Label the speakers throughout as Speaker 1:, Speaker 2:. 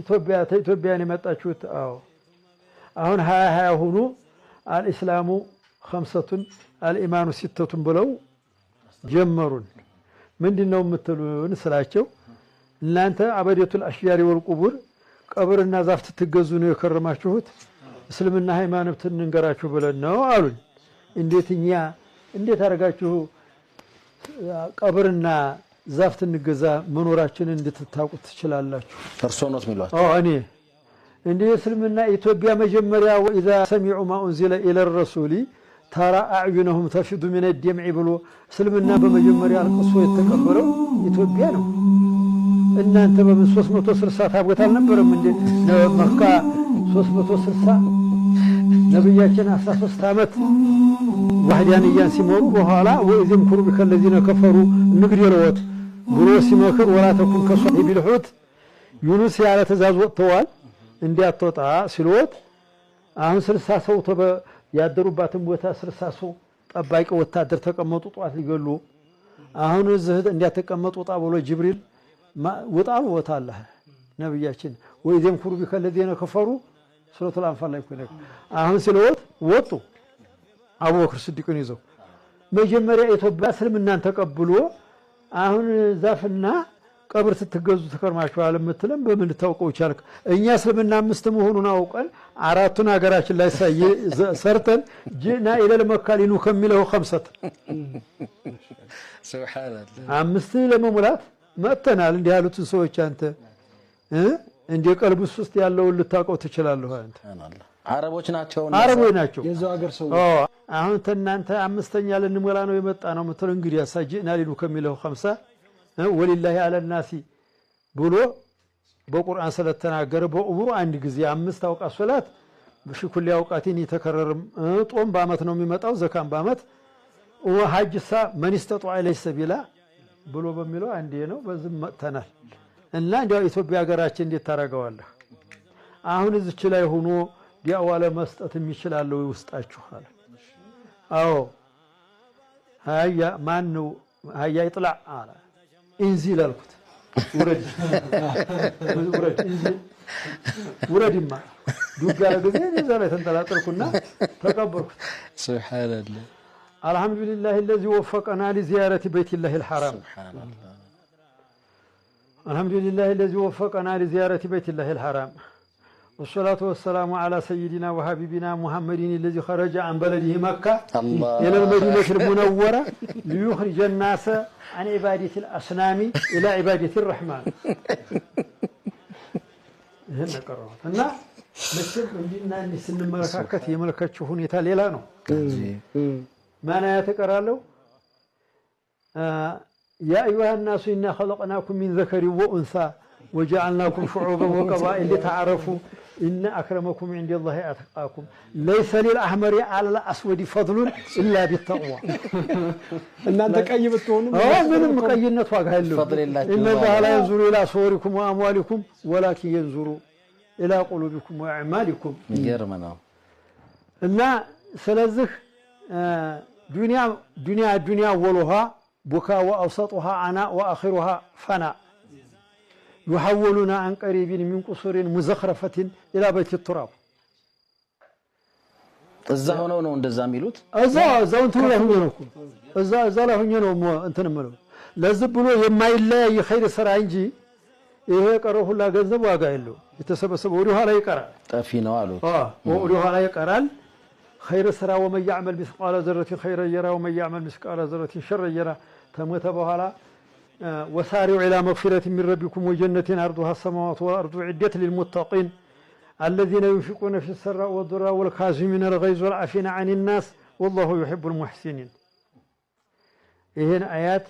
Speaker 1: ኢትዮጵያ ኢትዮጵያን የመጣችሁት? አዎ። አሁን ሀያ ሀያ ሆኑ። አልኢስላሙ ከምሰቱን አልኢማኑ ሲተቱን ብለው ጀመሩን። ምንድን ነው የምትሉን ስላቸው እናንተ አበዴቱል አሽጃሪ ወልቁቡር ቀብርና ዛፍ ትገዙ ነው የከረማችሁት እስልምና ሃይማኖት እንንገራችሁ ብለን ነው አሉኝ። እንዴት እኛ እንዴት አደረጋችሁ ቀብርና ዛፍ ትንገዛ መኖራችንን እንድትታቁት ትችላላችሁ።
Speaker 2: እርሶ ነው የሚሏት?
Speaker 1: አዎ እኔ እንደ እስልምና ኢትዮጵያ መጀመሪያ ወኢዛ ሰሚዑ ማ ኡንዚለ ኢለ ረሱሊ ተራ አዕዩነሁም ተፊዱ ሚነ ደምዒ ብሎ እስልምና በመጀመሪያ አልቅሶ የተቀበረው ኢትዮጵያ ነው። እናንተ በ 360 ታቦት አልነበረም እንዴ? መካ 360 ነቢያችን 13 ዓመት ዋህዲያን እያን ሲመሩ በኋላ ወኢዝ የምኩሩ ቢከ ለዚነ ከፈሩ ንግድ የለወት ብሎ ሲመክር ወላተኩም ከሳሒቢ ልሑት ዩኑስ ያለ ትእዛዝ ወጥተዋል እንዲያትወጣ ሲልወት አሁን ስልሳ ሰው ያደሩባትን ቦታ ስልሳ ሰው ጠባቂ ወታደር ተቀመጡ፣ ጠዋት ሊገሉ አሁን እዚህ እንዲያተቀመጡ ውጣ ብሎ ጅብሪል ውጣ ቦታ አለ ነብያችን ወይ ዜም ኩሩ ከፈሩ ሱረቱል አንፋል ላይ ኮይነ አሁን ሲለወት ወጡ። አቡበክር ስዲቅን ይዘው መጀመሪያ ኢትዮጵያ እስልምናን ተቀብሎ አሁን ዛፍና ቀብር ስትገዙ ተከርማችኋል የምትለን በምን ልታውቀው ቻልክ? እኛ እስልምና አምስት መሆኑን አውቀን አራቱን ሀገራችን ላይ ሰርተን ጅና ኢለል መካሊኑ ከሚለው ከምሰት አምስት ለመሙላት መጥተናል። እንዲህ ያሉትን ሰዎች አንተ እንደ ቀልብስ ውስጥ ያለውን ልታውቀው ትችላለህ። አንተ
Speaker 2: አረቦች ናቸው
Speaker 1: አረቦች ናቸው የዛው ሀገር ሰው። አሁን እናንተ አምስተኛ ልንሞላ ነው የመጣ ነው የምትለው እንግዲህ ያሳጅእና ሊሉ ከሚለው ኸምሳ ወሊላሂ አለናሲ ብሎ በቁርአን ስለተናገረ በእሙሩ አንድ ጊዜ አምስት አውቃት ሶላት በሽኩል ያውቃቲን የተከረርም ጦም በአመት ነው የሚመጣው ዘካም በአመት ወሐጅሳ መን ይስተጧ ኢለይሂ ሰቢላ ብሎ በሚለው አንዴ ነው በዝም መጥተናል። እና እንዲያው ኢትዮጵያ ሀገራችን እንዴት ታደርገዋለህ? አሁን እዚች ላይ ሆኖ ዲያዋ ለመስጠት የሚችላለው ውስጣችሁ አለ። አዎ ሀያ ማን ነው ሀያ ይጥላ አለ እንዚል ላልኩት ውረድ ውረድ እንዚል ውረድማ ዱጋ ለጊዜ እዛ ላይ ተንጠላጠልኩና ተቀበርኩት።
Speaker 2: ሱብሃንአላህ
Speaker 1: አልሐምዱሊላህ ለዚ ወፈቀና ቤት በይቲላሂል ልሐራም الحمد لله الذي وفقنا لزيارة بيت الله الحرام والصلاة والسلام على سيدنا وحبيبنا محمد الذي خرج عن بلده مكة إلى المدينة المنورة ليخرج الناس عن عبادة الأصنام إلى عبادة الرحمن هنا ይህን ያቀረቡት እና መቼም እንዲና እንዲህ ስንመለካከት የመልከችው ሁኔታ ሌላ ነው። ማን ያተቀራለው يا أيها الناس إنا خلقناكم من ذكر وأنثى وجعلناكم شعوبا وقبائل لتعرفوا إن أكرمكم عند الله أتقاكم ليس للأحمر على الأسود فضل إلا بالتقوى إن أنت كيف تكون من مقينة واقع فضل الله إن الله لا ينظر إلى صوركم وأموالكم ولكن ينظر إلى قلوبكم وأعمالكم
Speaker 2: يرمنا
Speaker 1: إن سلزخ دنيا دنيا دنيا ولها ቡካ ወአውሰጡሃ አና ወአኺሩሃ ፈና ዩሐወሉና አንቀሪቢን ሚንቁሱሪን ሚን ቁሱሪን ኢላ በይት ቱራብ
Speaker 2: እዛ ሆነው ነው እንደዛ የሚሉት።
Speaker 1: እዛ እዛው እንትኑ ላይ ሆኜ ነው እዛ እዛ ላይ ሆኜ ነው እንትን የምለው ለዚህ ብሎ የማይለያይ ኸይር ስራ እንጂ ይሄ የቀረው ሁላ ገንዘብ ዋጋ የለው የተሰበሰበ ወደ ኋላ ይቀራል።
Speaker 2: ጠፊ ነው አሉት፣
Speaker 1: ኋላ ይቀራል። خير سرا ومن يعمل مثقال ذرة خيرا يرى ومن يعمل مثقال ذرة شرا يرى ተሞተ በኋላ آه، وسارعوا إلى مغفرة من ربكم وجنة ارضها السماوات والأرض عدة للمتقين الذين ينفقون في السراء والضراء والكاظمين الغيظ والعافين عن الناس والله يحب المحسنين ይህን آيات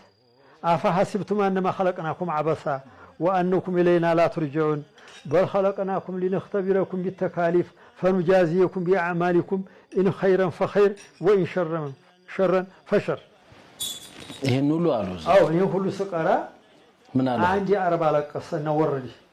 Speaker 1: أفحسبتم أنما خلقناكم عبثا وأنكم إلينا لا ترجعون بل خلقناكم لنختبركم بالتكاليف فنجازيكم بأعمالكم إن خيرا فخير وإن شرا شرا فشر
Speaker 2: ይህን ሁሉ على
Speaker 1: አዎ ይህን ሁሉ ስቀራ عندي أربع لك የአረብ አለቀሰ